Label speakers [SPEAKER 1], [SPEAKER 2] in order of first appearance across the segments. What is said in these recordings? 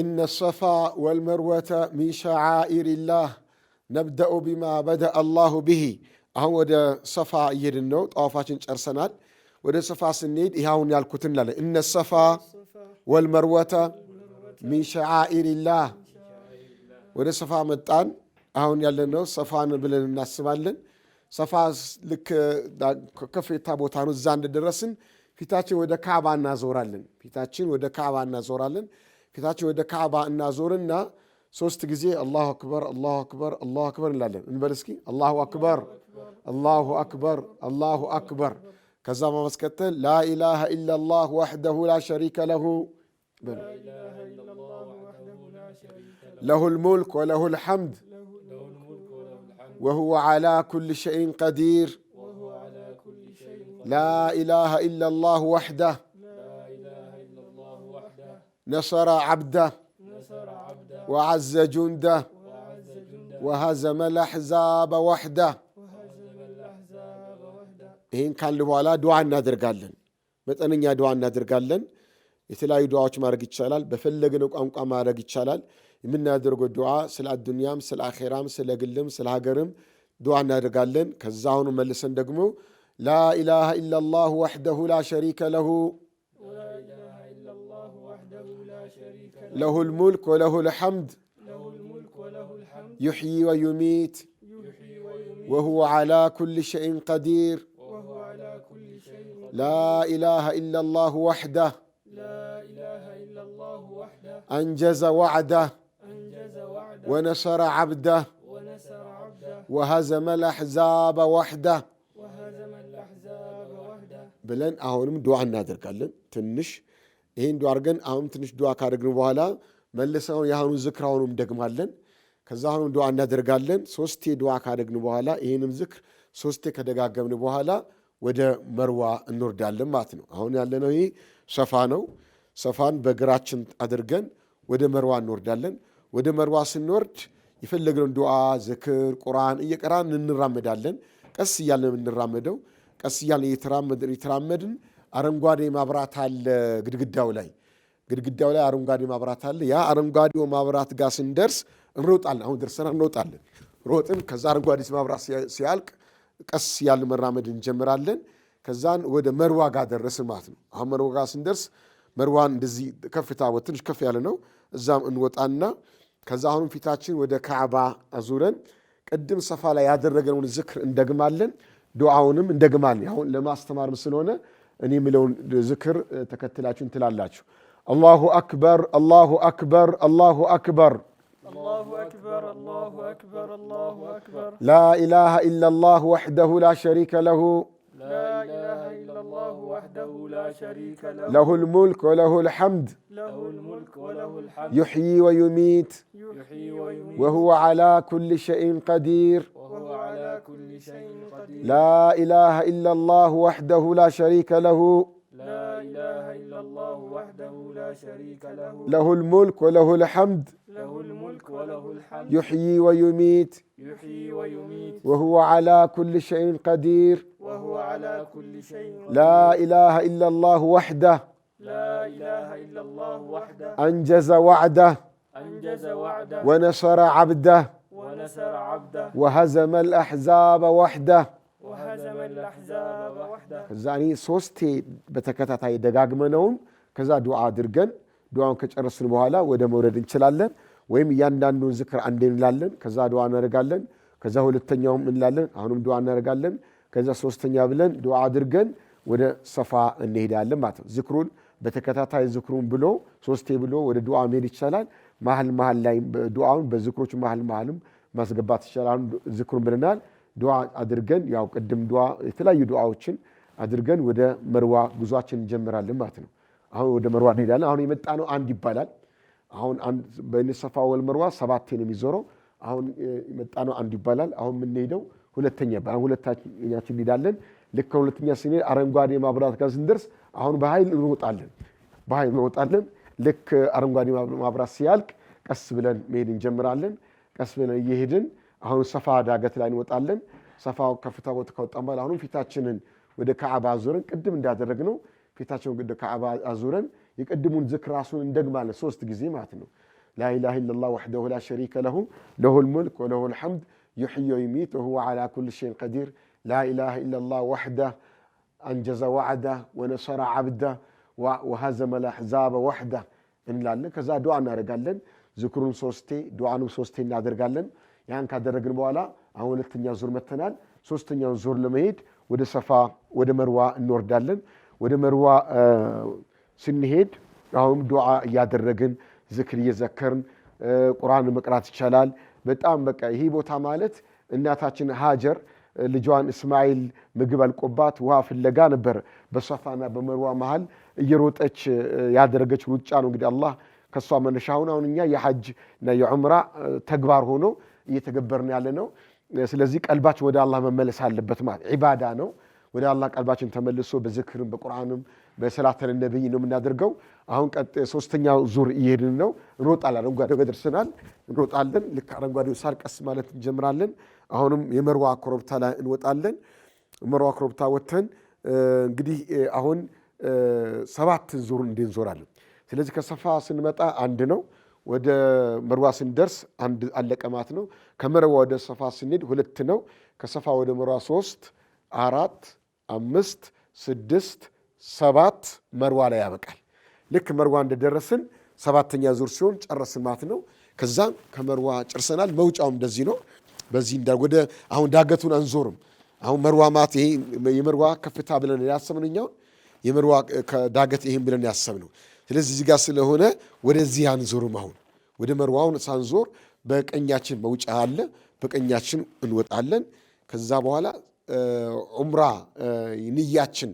[SPEAKER 1] إن الصفا ወልመርወተ من شعائر الله نبدأ بما بدأ الله به አሁን ወደ ሰፋ እየሄድን ነው። ጠዋፋችን ጨርሰናል። ወደ ሰፋ ስንሄድ ይህ አሁን ያልኩት እንላለን። እነ ሰፋ ወልመርወተ ሚን ሸዓኢሪላህ። ወደ ሰፋ መጣን። አሁን ያለን ነው ብለን እናስባለን። ሰፋ ልክ ከፍታ ቦታ ነው። እዛ እንደደረስን ፊታችን ወደ ካዕባ እናዞራለን። ፊታችን ወደ ካዕባ እናዞራለን። ፊታችን ወደ ካዕባ እናዞርና ሶስት ጊዜ አላሁ አክበር አላሁ አክበር አላሁ አክበር እንላለን። እንበል እስኪ አላሁ አክበር አላሁ አክበር አላሁ አክበር። ከዛ በማስከተል ላኢላሃ ኢላላህ ወሕደሁ ላ ሸሪከ ለሁ ለሁ ልሙልክ ወለሁ ልሐምድ وهو على كل شيء قدير لا اله الا الله وحده نصر عبده وعز جنده وهزم ልአሕዛበ وحده ይህን ካል በኋላ ድዋ እናደርጋለን። መጠነኛ ድዋ እናደርጋለን። የተለያዩ ድዋዎች ማድረግ ይቻላል። በፈለግን ቋንቋ ማድረግ ይቻላል። የምናደርገው ድዋ ስለ አዱንያም፣ ስለ አኼራም፣ ስለ ግልም፣ ስለ ሀገርም ድዋ እናደርጋለን። ከዛ አሁኑ መልሰን ደግሞ ላኢላሃ ኢላላሁ ወሕደሁ ላ ሸሪከ ለሁ له الملك وله الحمد يحيي ويميت وهو على كل شيء قدير لا إله إلا الله وحده أنجز وعده ونصر عبده وهزم الأحزاب وحده وهزم الأحزاب وحده بلن أهونم دعاء نادر قال تنش ይህን ዱዓ አድርገን አሁን ትንሽ ዱዓ ካደረግን በኋላ መልሰው የአሁኑ ዝክር አሁኑ እንደግማለን። ከዛ አሁኑ ዱዓ እናደርጋለን። ሶስቴ ዱዓ ካደረግን በኋላ ይህንም ዝክር ሶስቴ ከደጋገምን በኋላ ወደ መርዋ እንወርዳለን ማለት ነው። አሁን ያለነው ይህ ሰፋ ነው። ሰፋን በግራችን አድርገን ወደ መርዋ እንወርዳለን። ወደ መርዋ ስንወርድ የፈለግነውን ዱዓ፣ ዝክር፣ ቁርአን እየቀራን እንራመዳለን። ቀስ እያልን የምንራመደው ቀስ እያልን የተራመድን አረንጓዴ ማብራት አለ ግድግዳው ላይ ግድግዳው ላይ አረንጓዴ ማብራት አለ። ያ አረንጓዴው ማብራት ጋር ስንደርስ እንሮጣለን። አሁን ደርሰናል፣ እንሮጣለን። ሮጥን። ከዛ አረንጓዴ ማብራት ሲያልቅ ቀስ ያለ መራመድ እንጀምራለን። ከዛን ወደ መርዋ ጋር ደረስን ማለት ነው። አሁን መርዋ ጋር ስንደርስ መርዋን እንደዚህ ከፍታ ትንሽ ከፍ ያለ ነው። እዛም እንወጣና ከዛ አሁንም ፊታችን ወደ ካዕባ አዙረን ቅድም ሰፋ ላይ ያደረገውን ዝክር እንደግማለን፣ ዱዓውንም እንደግማለን። አሁን ለማስተማርም ስለሆነ እኔ የሚለውን ዝክር ተከትላችሁ እንትላላችሁ። አላሁ አክበር፣ አላሁ አክበር፣ አላሁ አክበር፣ ላ ኢላሃ ኢላ ላህ ወሕደሁ ላ ሸሪከ ለሁ لا إله إلا الله وحده لا شريك له له الملك وله الحمد له الملك وله الحمد يحيي ويميت يحيي ويميت وهو على كل شيء قدير وهو على كل شيء قدير لا إله إلا الله وحده لا شريك له لا إله إلا الله وحده لا شريك له له الملك وله الحمد له الملك وله الحمد يحيي ويميت يحيي ويميت وهو على كل شيء قدير لا إله إلا الله وحده أنجز وعده ونصر عبده ወሀዘመ ልአሕዛበ ወሕደ ከዛ እኔ ሶስቴ በተከታታይ ደጋግመነውም ከዛ ዱዓ አድርገን ዱዓውን ከጨረስን በኋላ ወደ መውረድ እንችላለን። ወይም እያንዳንዱን ዝክር አንዴ እንላለን። ከዛ ዱዓ እናደርጋለን። ከዛ ሁለተኛውም እንላለን። አሁንም ዱዓ እናደርጋለን። ከዛ ሶስተኛ ብለን ዱዓ አድርገን ወደ ሰፋ እንሄዳለን ማለት ነው። ዝክሩን በተከታታይ ዝክሩን ብሎ ሶስቴ ብሎ ወደ ዱዓ መሄድ ይቻላል። መሀል መሀል ላይ ዱዓውን በዝክሮች መሀል መሀልም ማስገባት ይቻላል። ዝክሩን ብለናል። ዱዓ አድርገን ያው ቅድም ዱዓ የተለያዩ ዱዓዎችን አድርገን ወደ መርዋ ጉዟችን እንጀምራለን ማለት ነው። አሁን ወደ መርዋ እንሄዳለን። አሁን የመጣ ነው አንድ ይባላል። አሁን በሰፋ ወል መርዋ ሰባቴ ነው የሚዞረው። አሁን የመጣ ነው አንድ ይባላል። አሁን የምንሄደው ሁለተኛ በሁለተኛችን እንሄዳለን። ልክ ሁለተኛ ስንሄድ አረንጓዴ ማብራት ጋር ስንደርስ አሁን በኃይል እንወጣለን፣ በኃይል እንወጣለን። ልክ አረንጓዴ ማብራት ሲያልቅ ቀስ ብለን መሄድ እንጀምራለን። ቀስ ብለን እየሄድን አሁን ሰፋ ዳገት ላይ እንወጣለን። ሰፋ ከፍታ ቦታ ከወጣን በኋላ አሁንም ፊታችንን ወደ ከዓባ አዙረን ቅድም እንዳደረግነው ፊታችን ወደ ከዓባ አዙረን የቅድሙን ዝክር ራሱን እንደግማለን ሶስት ጊዜ ማለት ነው። ላኢላሃ ኢለላህ ወሕደሁ ላ ሸሪከ ለሁ ለሁል ሙልክ ወለሁል ሐምድ يحيي ويميت وهو على كل شيء قدير لا إله إلا الله وحده أنجز وعده ونصر عبده وهزم الأحزاب وحده እንላለን። ከዛ ዱዓ እናደርጋለን። ዝክሩን ሶስቴ ዱዓንም ሶስቴ እናደርጋለን። ያን ካደረግን በኋላ አሁን ሁለተኛ ዙር መተናል። ሶስተኛውን ዙር ለመሄድ ወደ ሰፋ ወደ መርዋ እንወርዳለን። ወደ መርዋ ስንሄድ አሁን ዱዓ እያደረግን ዝክር እየዘከርን ቁርአን መቅራት ይቻላል። በጣም በቃ ይሄ ቦታ ማለት እናታችን ሀጀር ልጇን እስማኤል ምግብ አልቆባት ውሃ ፍለጋ ነበር በሷፋና በመርዋ መሃል እየሮጠች ያደረገች ሩጫ ነው። እንግዲህ አላህ ከእሷ መነሻ አሁን አሁን እኛ የሐጅ እና የዑምራ ተግባር ሆኖ እየተገበርን ያለ ነው። ስለዚህ ቀልባችን ወደ አላህ መመለስ አለበት። ማለት ዒባዳ ነው። ወደ አላህ ቀልባችን ተመልሶ በዝክርም በቁርአንም በሰላተን ነቢይ ነው የምናደርገው። አሁን ቀጥ ሶስተኛው ዙር እየሄድን ነው። እንሮጣል አረንጓዴ በደርሰናል እንሮጣለን። ልክ አረንጓዴው ሳር ቀስ ማለት እንጀምራለን። አሁንም የመርዋ ኮረብታ ላይ እንወጣለን። መርዋ ኮረብታ ወጥተን እንግዲህ አሁን ሰባትን ዙር እንዞራለን ስለዚህ ከሰፋ ስንመጣ አንድ ነው። ወደ መርዋ ስንደርስ አንድ አለቀ ማለት ነው። ከመርዋ ወደ ሰፋ ስንሄድ ሁለት ነው። ከሰፋ ወደ መርዋ ሶስት አራት አምስት፣ ስድስት፣ ሰባት መርዋ ላይ ያበቃል። ልክ መርዋ እንደደረስን ሰባተኛ ዙር ሲሆን ጨረስን ማለት ነው። ከዛም ከመርዋ ጨርሰናል። መውጫውም እንደዚህ ነው። በዚህ ወደ አሁን ዳገቱን አንዞርም። አሁን መርዋ ማለት ይሄ የመርዋ ከፍታ ብለን ያሰብነኛውን የመርዋ ከዳገት ይሄን ብለን ያሰብነው ስለዚህ እዚህ ጋር ስለሆነ ወደዚህ አንዞርም። አሁን ወደ መርዋውን ሳንዞር በቀኛችን መውጫ አለ። በቀኛችን እንወጣለን። ከዛ በኋላ ዑምራ ንያችን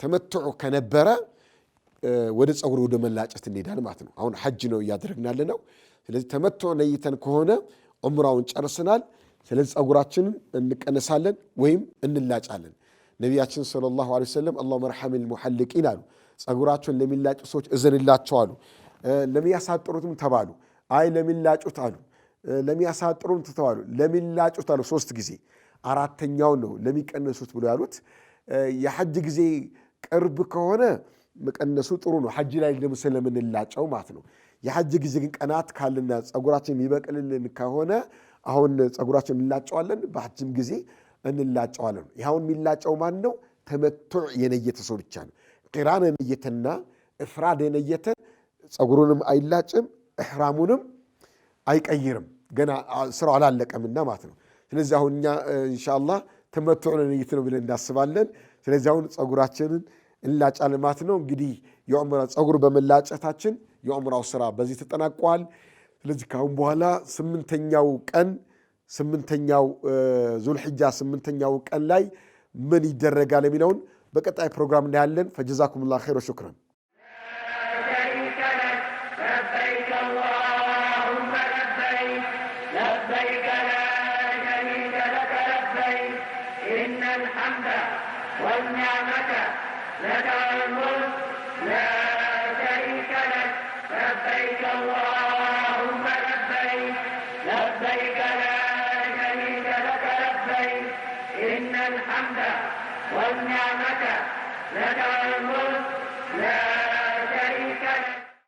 [SPEAKER 1] ተመትዑ ከነበረ ወደ ፀጉር ወደ መላጨት እንሄዳል ማለት ነው። አሁን ሐጅ ነው እያደረግናለ ነው። ስለዚህ ተመትዖ ነይተን ከሆነ ዑምራውን ጨርስናል። ስለዚህ ፀጉራችንን እንቀነሳለን ወይም እንላጫለን። ነቢያችን ሰለላሁ ዐለይሂ ወሰለም አላሁመ ርሐም ልሙሐልቂን አሉ። ፀጉራቸውን ለሚላጩ ሰዎች እዘንላቸው አሉ። ለሚያሳጥሩትም ተባሉ። አይ ለሚላጩት አሉ። ለሚያሳጥሩም ትተዋሉ። ለሚላጩት አሉ ሶስት ጊዜ አራተኛው ነው ለሚቀነሱት ብሎ ያሉት። የሐጅ ጊዜ ቅርብ ከሆነ መቀነሱ ጥሩ ነው፣ ሐጅ ላይ ደግሞ ስለምንላጨው ማለት ነው። የሐጅ ጊዜ ግን ቀናት ካልና ፀጉራችን የሚበቅልልን ከሆነ አሁን ጸጉራችን እንላጨዋለን፣ በሐጅም ጊዜ እንላጨዋለን። ይኸውን የሚላጨው ማን ነው? ተመቱዕ የነየተ ሰው ብቻ ነው። ቂራን የነየተና እፍራድ የነየተ ፀጉሩንም አይላጭም፣ እሕራሙንም አይቀይርም። ገና ስራው አላለቀምና ማለት ነው። ስለዚህ አሁን እኛ እንሻላ ተመትዑን ንይት ነው ብለን እናስባለን። ስለዚህ አሁን ጸጉራችንን እላጫ ልማት ነው እንግዲህ የዑምራ ፀጉር በመላጨታችን የዑምራው ስራ በዚህ ተጠናቋል። ስለዚህ ካሁን በኋላ ስምንተኛው ቀን ስምንተኛው ዙልሕጃ ስምንተኛው ቀን ላይ ምን ይደረጋል የሚለውን በቀጣይ ፕሮግራም እናያለን። ፈጀዛኩም ላ ኸይሮ ሹክረን